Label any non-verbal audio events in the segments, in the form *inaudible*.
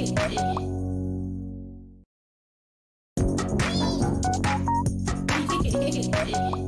Thank *laughs* you.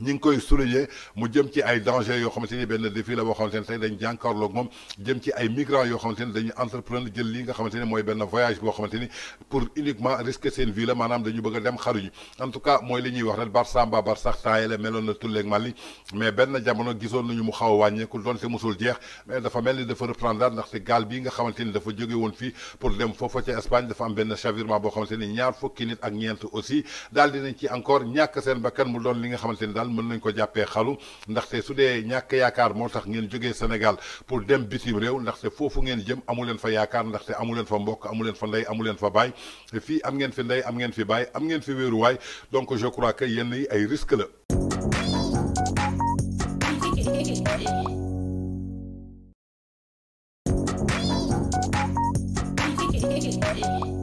ñi ngi koy souligner mu jëm ci ay danger yoo xamante ni benn défi la boo xamante ni tey dañ jànkaarloog moom jëm ci ay migrants yoo xamante ni dañuy entreprendre jël li nga xamante ni mooy benn voyage boo xamante ni pour uniquement risquer seen vie la maanaam dañu bëgg a dem xaruñu en tout cas mooy li ñuy wax rek Barsamba Barsax taayale meloon na tulleeg Mali mais benn jamono gisoon nañu mu xaw a wàññeeku doonte musul jeex mais dafa mel ni dafa reprendre ndaxte gaal bii nga xamante ni dafa jóge woon fii pour dem foofa ca Espagne dafa am benn chavirement boo xamante ni ñaar fukki nit ak ñeent aussi daal dinañ ci encore ñàkk seen bakkan mu doon li nga xamante ni daal mën nañ ko jàppee xalu ndaxte su dee ñàkk yaakaar moo tax ngeen jógee Sénégal pour dem bitim réew ndaxte foofu ngeen jëm amu leen fa yaakaar ndaxte amu leen fa mbokk amu leen fa ndey amu leen fa baay fii am ngeen fi ndey am ngeen fi baay am ngeen fi wéeruwaay donc je crois que yenn yi ay risque la. Thank you.